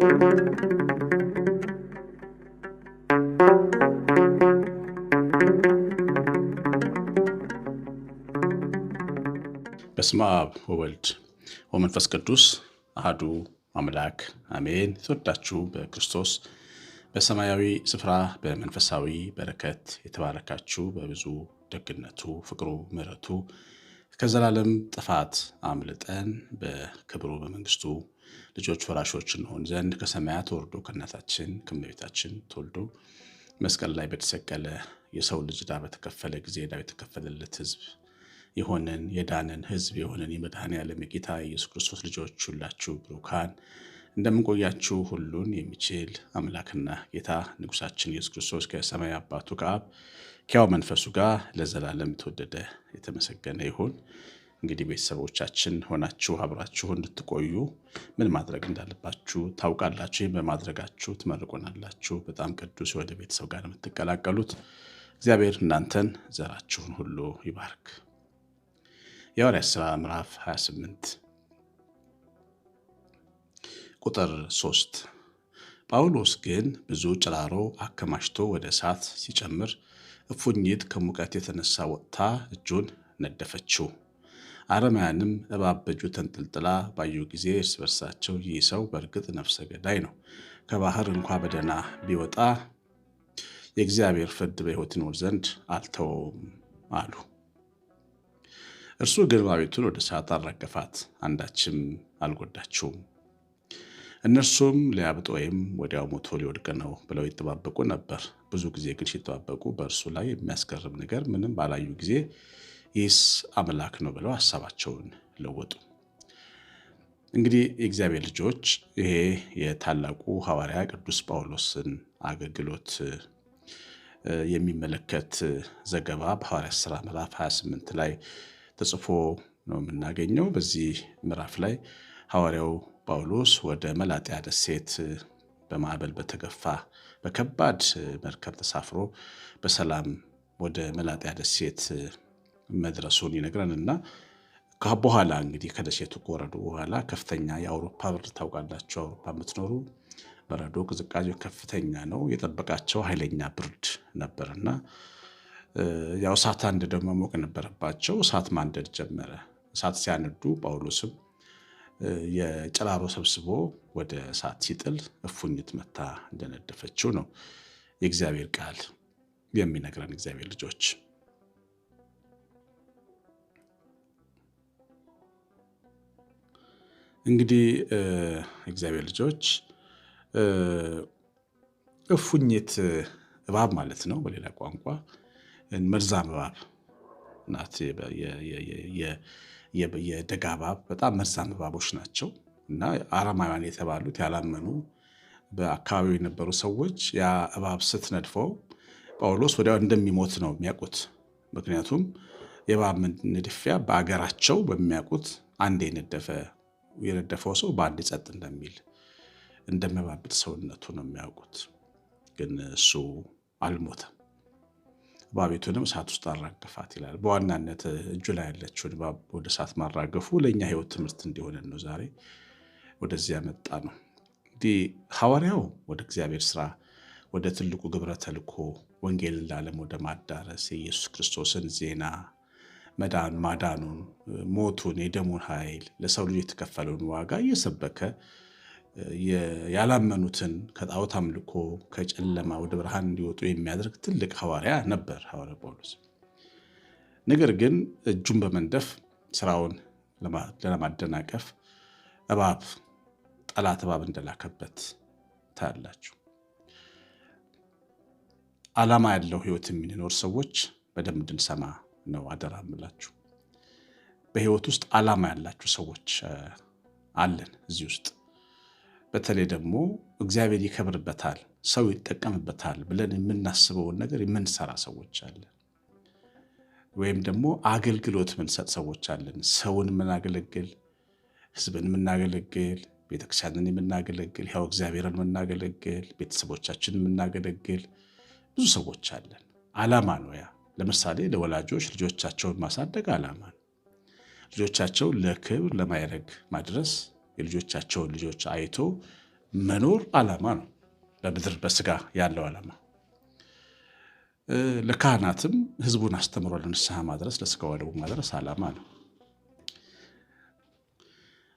በስመ አብ ወወልድ ወመንፈስ ቅዱስ አህዱ አምላክ አሜን። የተወዳችሁ በክርስቶስ በሰማያዊ ስፍራ በመንፈሳዊ በረከት የተባረካችሁ በብዙ ደግነቱ፣ ፍቅሩ፣ ምሕረቱ ከዘላለም ጥፋት አምልጠን በክብሩ በመንግስቱ ልጆች ወራሾች እንሆን ዘንድ ከሰማያት ወርዶ ከእናታችን ከእመቤታችን ተወልዶ መስቀል ላይ በተሰቀለ የሰው ልጅ ዕዳ በተከፈለ ጊዜ ዕዳ የተከፈለለት ሕዝብ የሆንን የዳንን ሕዝብ የሆንን የመድኃኔ ዓለም የጌታ የኢየሱስ ክርስቶስ ልጆች ሁላችሁ ብሩካን እንደምንቆያችሁ ሁሉን የሚችል አምላክና ጌታ ንጉሳችን ኢየሱስ ክርስቶስ ከሰማይ አባቱ ከአብ ከያው መንፈሱ ጋር ለዘላለም የተወደደ የተመሰገነ ይሁን። እንግዲህ ቤተሰቦቻችን ሆናችሁ አብራችሁ እንድትቆዩ ምን ማድረግ እንዳለባችሁ ታውቃላችሁ። ይህም በማድረጋችሁ ትመርቁናላችሁ። በጣም ቅዱስ ወደ ቤተሰብ ጋር የምትቀላቀሉት እግዚአብሔር እናንተን ዘራችሁን ሁሉ ይባርክ። የሐዋርያት ሥራ ምዕራፍ 28 ቁጥር 3 ጳውሎስ ግን ብዙ ጭራሮ አከማችቶ ወደ እሳት ሲጨምር እፉኝት ከሙቀት የተነሳ ወጥታ እጁን ነደፈችው። አረማያንም እባብ በእጁ ተንጠልጥላ ባዩ ጊዜ እርስ በርሳቸው ይህ ሰው በእርግጥ ነፍሰ ገዳይ ነው፣ ከባህር እንኳ በደህና ቢወጣ የእግዚአብሔር ፍርድ በሕይወት ይኖር ዘንድ አልተወውም አሉ። እርሱ ግን እባቢቱን ወደ እሳት አራገፋት፣ አንዳችም አልጎዳችውም። እነርሱም ሊያብጥ ወይም ወዲያው ሞቶ ሊወድቅ ነው ብለው ይጠባበቁ ነበር። ብዙ ጊዜ ግን ሲጠባበቁ በእርሱ ላይ የሚያስገርም ነገር ምንም ባላዩ ጊዜ ይህስ አምላክ ነው ብለው ሀሳባቸውን ለወጡ። እንግዲህ የእግዚአብሔር ልጆች ይሄ የታላቁ ሐዋርያ ቅዱስ ጳውሎስን አገልግሎት የሚመለከት ዘገባ በሐዋርያት ሥራ ምዕራፍ 28 ላይ ተጽፎ ነው የምናገኘው። በዚህ ምዕራፍ ላይ ሐዋርያው ጳውሎስ ወደ መላጥያ ደሴት በማዕበል በተገፋ በከባድ መርከብ ተሳፍሮ በሰላም ወደ መላጥያ ደሴት መድረሱን ይነግረን እና በኋላ እንግዲህ ከደሴቱ ከወረዱ በኋላ ከፍተኛ የአውሮፓ ብርድ ታውቃላችሁ። አውሮፓ የምትኖሩ በረዶ ቅዝቃዜው ከፍተኛ ነው። የጠበቃቸው ኃይለኛ ብርድ ነበርና ያው እሳት አንድ ደግሞ ሞቅ የነበረባቸው እሳት ማንደድ ጀመረ። እሳት ሲያነዱ ጳውሎስም የጭራሮ ሰብስቦ ወደ እሳት ሲጥል እፉኝት መታ እንደነደፈችው ነው የእግዚአብሔር ቃል የሚነግረን እግዚአብሔር ልጆች እንግዲህ እግዚአብሔር ልጆች እፉኝት እባብ ማለት ነው። በሌላ ቋንቋ መርዛም እባብ ናት። የደጋ እባብ በጣም መርዛም እባቦች ናቸው እና አረማውያን የተባሉት ያላመኑ በአካባቢው የነበሩ ሰዎች ያ እባብ ስትነድፈው ጳውሎስ ወዲያው እንደሚሞት ነው የሚያውቁት። ምክንያቱም የእባብ ንድፊያ በአገራቸው በሚያውቁት አንድ የነደፈ የነደፈው ሰው በአንድ ጸጥ እንደሚል እንደመባብጥ ሰውነቱ ነው የሚያውቁት። ግን እሱ አልሞተም። እባቤቱንም እሳት ውስጥ አራገፋት ይላል። በዋናነት እጁ ላይ ያለችውን እባብ ወደ እሳት ማራገፉ ለእኛ ህይወት ትምህርት እንዲሆነ ነው ዛሬ ወደዚህ ያመጣ ነው። እንግዲህ ሐዋርያው ወደ እግዚአብሔር ስራ፣ ወደ ትልቁ ግብረ ተልኮ ወንጌልን ለዓለም ወደ ማዳረስ የኢየሱስ ክርስቶስን ዜና መዳን ማዳኑን ሞቱን የደሙን ኃይል ለሰው ልጅ የተከፈለውን ዋጋ እየሰበከ ያላመኑትን ከጣዖት አምልኮ ከጨለማ ወደ ብርሃን እንዲወጡ የሚያደርግ ትልቅ ሐዋርያ ነበር ሐዋርያ ጳውሎስ። ነገር ግን እጁን በመንደፍ ስራውን ለማደናቀፍ እባብ ጠላት እባብ እንደላከበት ታያላችሁ። ዓላማ ያለው ህይወት የሚኖር ሰዎች በደንብ እንድንሰማ ነው አደራ ምላችሁ በህይወት ውስጥ አላማ ያላችሁ ሰዎች አለን እዚህ ውስጥ በተለይ ደግሞ እግዚአብሔር ይከብርበታል፣ ሰው ይጠቀምበታል ብለን የምናስበውን ነገር የምንሰራ ሰዎች አለን። ወይም ደግሞ አገልግሎት የምንሰጥ ሰዎች አለን። ሰውን የምናገለግል፣ ህዝብን የምናገለግል፣ ቤተክርስቲያንን የምናገለግል፣ ያው እግዚአብሔርን የምናገለግል፣ ቤተሰቦቻችን የምናገለግል ብዙ ሰዎች አለን። አላማ ነው ያ ለምሳሌ ለወላጆች ልጆቻቸውን ማሳደግ ዓላማ ነው። ልጆቻቸውን ለክብር ለማይረግ ማድረስ የልጆቻቸውን ልጆች አይቶ መኖር ዓላማ ነው። በምድር በስጋ ያለው ዓላማ ለካህናትም ህዝቡን አስተምሮ ለንስሐ ማድረስ ለስጋ ወደቡ ማድረስ ዓላማ ነው።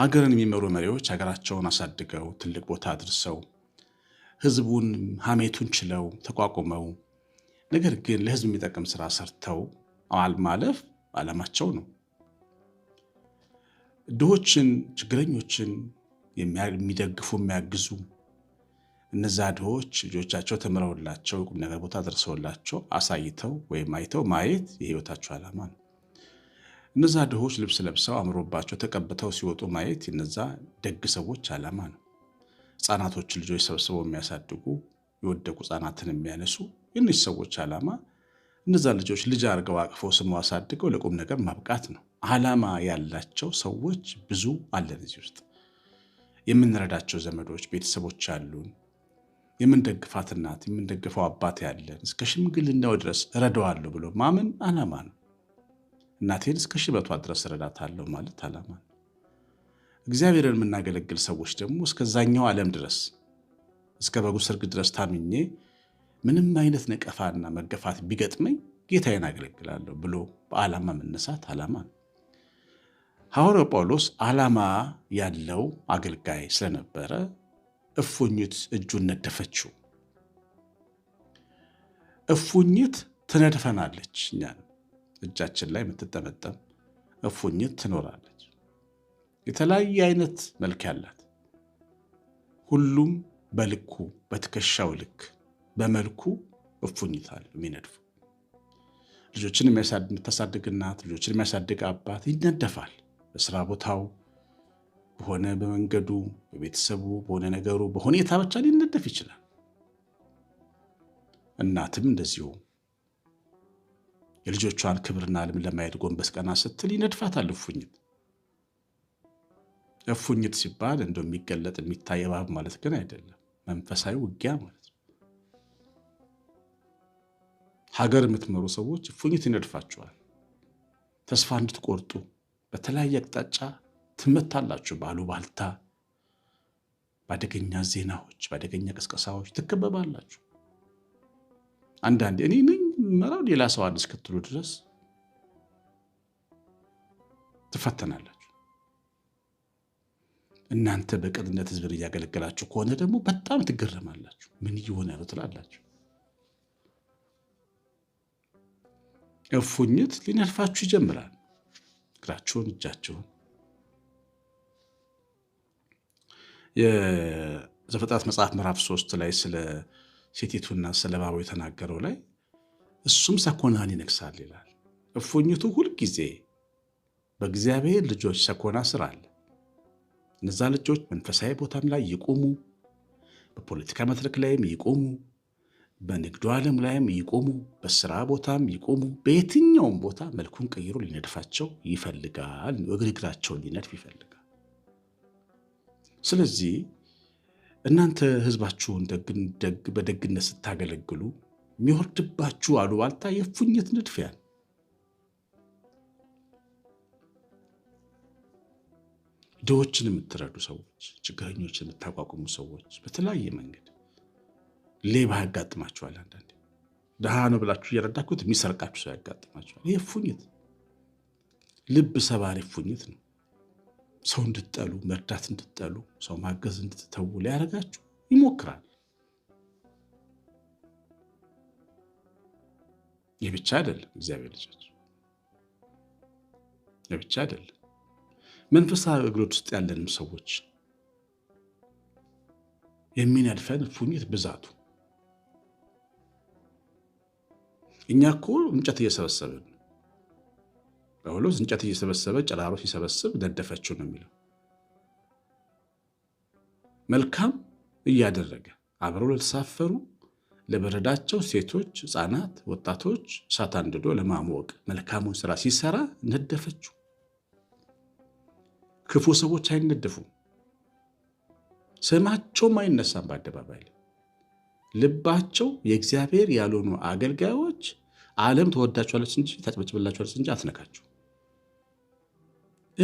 ሀገርን የሚመሩ መሪዎች ሀገራቸውን አሳድገው ትልቅ ቦታ አድርሰው ህዝቡን ሀሜቱን ችለው ተቋቁመው ነገር ግን ለህዝብ የሚጠቅም ስራ ሰርተው አልማለፍ አላማቸው ነው። ድሆችን፣ ችግረኞችን የሚደግፉ የሚያግዙ እነዛ ድሆች ልጆቻቸው ተምረውላቸው ቁም ነገር ቦታ ደርሰውላቸው አሳይተው ወይም አይተው ማየት የህይወታቸው ዓላማ ነው። እነዛ ድሆች ልብስ ለብሰው አምሮባቸው ተቀብተው ሲወጡ ማየት የነዛ ደግ ሰዎች ዓላማ ነው። ህፃናቶች ልጆች ሰብስበው የሚያሳድጉ የወደቁ ህፃናትን የሚያነሱ የእነዚህ ሰዎች ዓላማ እነዛ ልጆች ልጅ አድርገው አቅፈው ስሙ አሳድገው ለቁም ነገር ማብቃት ነው። ዓላማ ያላቸው ሰዎች ብዙ አለን። እዚህ ውስጥ የምንረዳቸው ዘመዶች፣ ቤተሰቦች አሉን። የምንደግፋት እናት፣ የምንደግፈው አባት ያለን። እስከ ሽምግልናው ድረስ እረዳዋለሁ ብሎ ማመን ዓላማ ነው። እናቴን እስከ ሽበቷ ድረስ እረዳታለሁ ማለት ዓላማ ነው። እግዚአብሔርን የምናገለግል ሰዎች ደግሞ እስከዛኛው ዓለም ድረስ እስከ በጉ ሰርግ ድረስ ታምኜ ምንም አይነት ነቀፋና መገፋት ቢገጥመኝ ጌታዬን አገለግላለሁ ብሎ በዓላማ መነሳት ዓላማ ነው። ሐዋርያው ጳውሎስ ዓላማ ያለው አገልጋይ ስለነበረ እፉኝት እጁን ነደፈችው። እፉኝት ትነድፈናለች፣ እኛን እጃችን ላይ የምትጠመጠም እፉኝት ትኖራለች። የተለያየ አይነት መልክ ያላት ሁሉም በልኩ በትከሻው ልክ በመልኩ እፉኝታል የሚነድፉ ልጆችን የምታሳድግ እናት፣ ልጆችን የሚያሳድግ አባት ይነደፋል። በስራ ቦታው በሆነ በመንገዱ በቤተሰቡ በሆነ ነገሩ በሁኔታ ብቻ ሊነደፍ ይችላል። እናትም እንደዚሁ የልጆቿን ክብርና ልም ለማየት ጎንበስ ቀና ስትል ይነድፋታል እፉኝት። እፉኝት ሲባል የሚገለጥ የሚታይ እባብ ማለት ግን አይደለም፣ መንፈሳዊ ውጊያ ማለት ሀገር የምትመሩ ሰዎች እፉኝት ይነድፋችኋል። ተስፋ እንድትቆርጡ በተለያየ አቅጣጫ ትመታላችሁ። ባሉባልታ፣ በአደገኛ ዜናዎች፣ በአደገኛ ቅስቀሳዎች ትከበባላችሁ። አንዳንዴ እኔ ነኝ መራው ሌላ ሰው አንድ እስክትሉ ድረስ ትፈተናላችሁ። እናንተ በቅንነት ህዝብን እያገለገላችሁ ከሆነ ደግሞ በጣም ትገረማላችሁ። ምን እየሆነ ነው ትላላችሁ። እፉኝት ሊነድፋችሁ ይጀምራል። እግራችሁን፣ እጃችሁን የዘፍጥረት መጽሐፍ ምዕራፍ ሶስት ላይ ስለ ሴቲቱና ስለ እባቡ የተናገረው ላይ እሱም ሰኮናን ይነግሳል ይላል። እፉኝቱ ሁልጊዜ በእግዚአብሔር ልጆች ሰኮና ስር አለ። እነዛ ልጆች መንፈሳዊ ቦታም ላይ ይቁሙ፣ በፖለቲካ መድረክ ላይም ይቁሙ በንግዱ ዓለም ላይም ይቆሙ በስራ ቦታም ይቆሙ በየትኛውም ቦታ መልኩን ቀይሮ ሊነድፋቸው ይፈልጋል። እግር ሊነድፍ ይፈልጋል። ስለዚህ እናንተ ህዝባችሁን በደግነት ስታገለግሉ የሚወርድባችሁ አሉባልታ የፉኝት ንድፊያን ድሆችን የምትረዱ ሰዎች፣ ችግረኞችን የምታቋቁሙ ሰዎች በተለያየ መንገድ ሌባ ያጋጥማችኋል። አንዳንዴ ድሃ ነው ብላችሁ እየረዳችሁት የሚሰርቃችሁ ሰው ያጋጥማችኋል። ይህ እፉኝት ልብ ሰባሪ እፉኝት ነው። ሰው እንድትጠሉ መርዳት እንድትጠሉ ሰው ማገዝ እንድትተው ሊያደርጋችሁ ይሞክራል። ይህ ብቻ አይደለም፣ እግዚአብሔር ልጆች፣ ይህ ብቻ አይደለም። መንፈሳዊ አገልግሎት ውስጥ ያለንም ሰዎች የሚነድፈን እፉኝት ብዛቱ እኛ እኮ እንጨት እየሰበሰብን ጳውሎስ እንጨት እየሰበሰበ ጭራሮ ሲሰበስብ ነደፈችው ነው የሚለው። መልካም እያደረገ አብረው ለተሳፈሩ ለበረዳቸው ሴቶች፣ ህፃናት ወጣቶች እሳት አንድዶ ለማሞቅ መልካሙን ስራ ሲሰራ ነደፈችው። ክፉ ሰዎች አይነደፉም፣ ስማቸውም አይነሳም በአደባባይ ላይ ልባቸው የእግዚአብሔር ያልሆኑ አገልጋዮች ዓለም ተወዳችኋለች እንጂ ታጭበጭበላችኋለች እንጂ አትነካችሁ።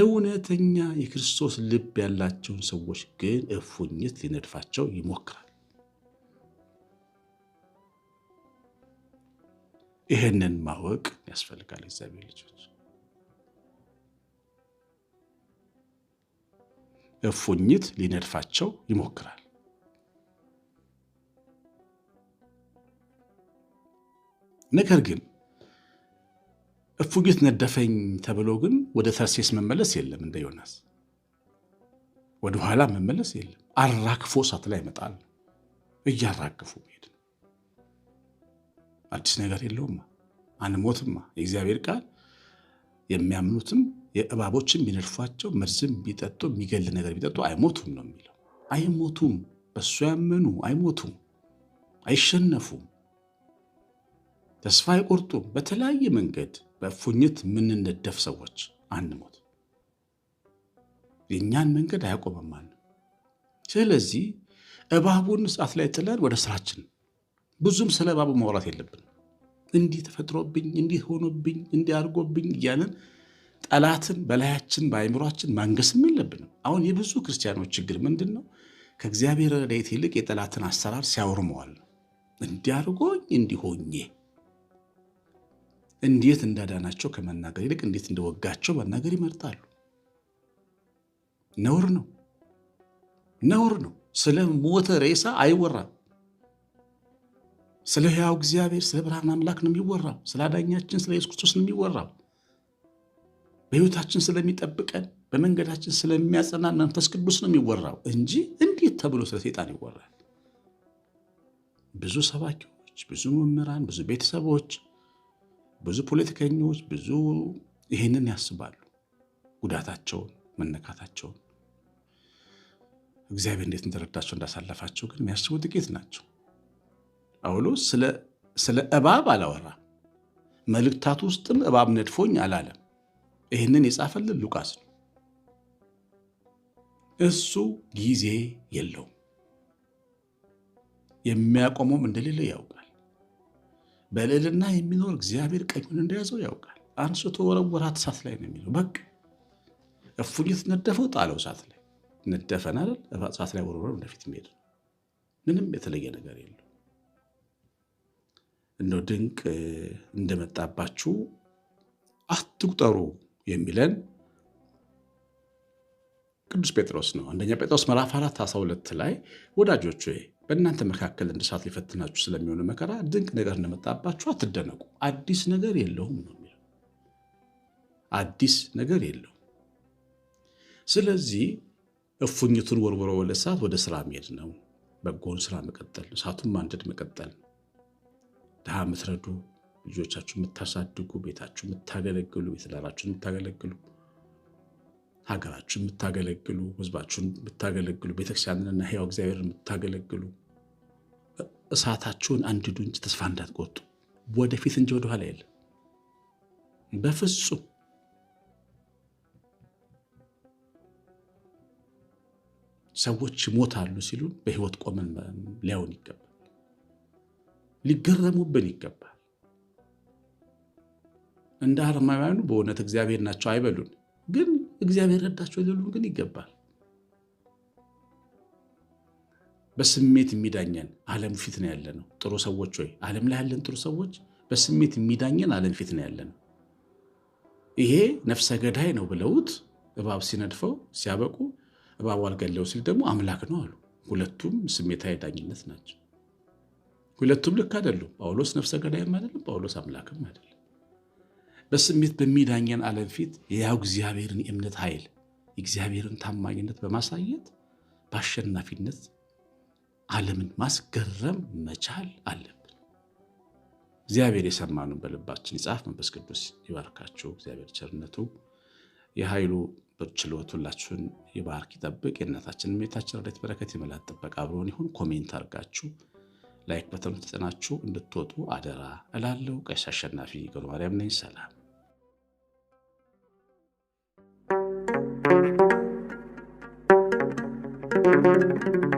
እውነተኛ የክርስቶስ ልብ ያላቸውን ሰዎች ግን እፉኝት ሊነድፋቸው ይሞክራል። ይህንን ማወቅ ያስፈልጋል። እግዚአብሔር ልጆች እፉኝት ሊነድፋቸው ይሞክራል። ነገር ግን እፉጊት ነደፈኝ ተብሎ ግን ወደ ተርሴስ መመለስ የለም። እንደ ዮናስ ወደኋላ መመለስ የለም። አራክፎ እሳት ላይ መጣል እያራክፉ ሄድ አዲስ ነገር የለውማ፣ አንሞትማ። የእግዚአብሔር ቃል የሚያምኑትም የእባቦችን ቢነድፏቸው መርዝም ቢጠጡ የሚገል ነገር ቢጠጡ አይሞቱም ነው የሚለው። አይሞቱም፣ በሱ ያመኑ አይሞቱም፣ አይሸነፉም። ተስፋ ይቆርጡ። በተለያየ መንገድ በእፉኝት የምንነደፍ ሰዎች አንሞት። የእኛን መንገድ አያቆመም። ስለዚህ እባቡን ሰዓት ላይ ጥለን ወደ ስራችን ብዙም ስለ እባቡ ማውራት የለብን። እንዲህ ተፈጥሮብኝ፣ እንዲህ ሆኖብኝ፣ እንዲህ አድርጎብኝ እያለን ጠላትን በላያችን በአይምሯችን ማንገስም የለብንም። አሁን የብዙ ክርስቲያኖች ችግር ምንድን ነው? ከእግዚአብሔር ረድኤት ይልቅ የጠላትን አሰራር ሲያወርመዋል። እንዲህ አድርጎኝ እንዲሆኜ እንዴት እንዳዳናቸው ከመናገር ይልቅ እንዴት እንደወጋቸው መናገር ይመርጣሉ። ነውር ነው፣ ነውር ነው። ስለ ሞተ ሬሳ አይወራም። ስለ ሕያው እግዚአብሔር ስለ ብርሃን አምላክ ነው የሚወራው። ስለ አዳኛችን ስለ ኢየሱስ ክርስቶስ ነው የሚወራው። በሕይወታችን ስለሚጠብቀን በመንገዳችን ስለሚያጸናን መንፈስ ቅዱስ ነው የሚወራው እንጂ እንዴት ተብሎ ስለ ሴጣን ይወራል? ብዙ ሰባኪዎች፣ ብዙ መምህራን፣ ብዙ ቤተሰቦች ብዙ ፖለቲከኞች ብዙ ይሄንን ያስባሉ፣ ጉዳታቸውን፣ መነካታቸውን። እግዚአብሔር እንዴት እንደረዳቸው እንዳሳለፋቸው ግን የሚያስቡ ጥቂት ናቸው። ጳውሎስ ስለ እባብ አላወራም። መልእክታት ውስጥም እባብ ነድፎኝ አላለም። ይህንን የጻፈልን ሉቃስ ነው። እሱ ጊዜ የለውም፣ የሚያቆመውም እንደሌለ ያውቃል። በልዕልና የሚኖር እግዚአብሔር ቀኙን እንደያዘው ያውቃል። አንስቶ ወረወራት፣ እሳት ላይ ነው የሚለው። በቃ እፉኝት ነደፈው፣ ጣለው፣ እሳት ላይ ነደፈን አይደል? እሳት ላይ ወረወረ፣ ወደፊት የሚሄድ ምንም የተለየ ነገር የለው። እንደው ድንቅ እንደመጣባችሁ አትቁጠሩ የሚለን ቅዱስ ጴጥሮስ ነው። አንደኛ ጴጥሮስ ምዕራፍ 4 12 ላይ ወዳጆች በእናንተ መካከል እንደ እሳት ሊፈትናችሁ ስለሚሆነ መከራ ድንቅ ነገር እንደመጣባችሁ አትደነቁ። አዲስ ነገር የለውም ነው የሚለው። አዲስ ነገር የለውም። ስለዚህ እፉኝቱን ወርውሮ ወደ እሳት ወደ ስራ መሄድ ነው። በጎን ስራ መቀጠል፣ እሳቱን ማንደድ መቀጠል፣ ድሃ የምትረዱ ልጆቻችሁ የምታሳድጉ፣ ቤታችሁ የምታገለግሉ፣ ቤተዳራችሁ የምታገለግሉ ሀገራችሁን የምታገለግሉ፣ ህዝባችሁን የምታገለግሉ፣ ቤተክርስቲያንንና ህያው እግዚአብሔር የምታገለግሉ እሳታችሁን አንድዱ እንጂ ተስፋ እንዳትቆርጡ። ወደፊት እንጂ ወደኋላ የለም በፍጹም። ሰዎች ይሞታሉ ሲሉን በህይወት ቆመን ሊያውን ይገባል። ሊገረሙብን ይገባል። እንደ አርማውያኑ በእውነት እግዚአብሔር ናቸው አይበሉን ግን እግዚአብሔር ረዳቸው ሊሉን ግን ይገባል። በስሜት የሚዳኘን ዓለም ፊት ነው ያለ ነው። ጥሩ ሰዎች ወይ ዓለም ላይ ያለን ጥሩ ሰዎች በስሜት የሚዳኘን ዓለም ፊት ነው ያለ ነው። ይሄ ነፍሰ ገዳይ ነው ብለውት እባብ ሲነድፈው ሲያበቁ እባቡ አልገለው ሲል ደግሞ አምላክ ነው አሉ። ሁለቱም ስሜታዊ ዳኝነት ናቸው። ሁለቱም ልክ አይደሉም። ጳውሎስ ነፍሰ ገዳይም አይደለም፣ ጳውሎስ አምላክም አይደለም። በስሜት በሚዳኘን ዓለም ፊት የያው እግዚአብሔርን የእምነት ኃይል እግዚአብሔርን ታማኝነት በማሳየት በአሸናፊነት ዓለምን ማስገረም መቻል አለብን። እግዚአብሔር የሰማነውን በልባችን ይጻፍ። መንፈስ ቅዱስ ይባርካችሁ። እግዚአብሔር ቸርነቱ የኃይሉ ችሎት ሁላችሁን ይባርክ፣ ይጠብቅ። የእናታችን ሜታችን ረድኤት በረከት የመላት ጥበቃ አብሮን ይሁን። ኮሜንት አርጋችሁ ላይክ በተኑ ተጽናችሁ እንድትወጡ አደራ እላለሁ። ቀሲስ አሸናፊ ገብረማርያም ነኝ። ሰላም thank you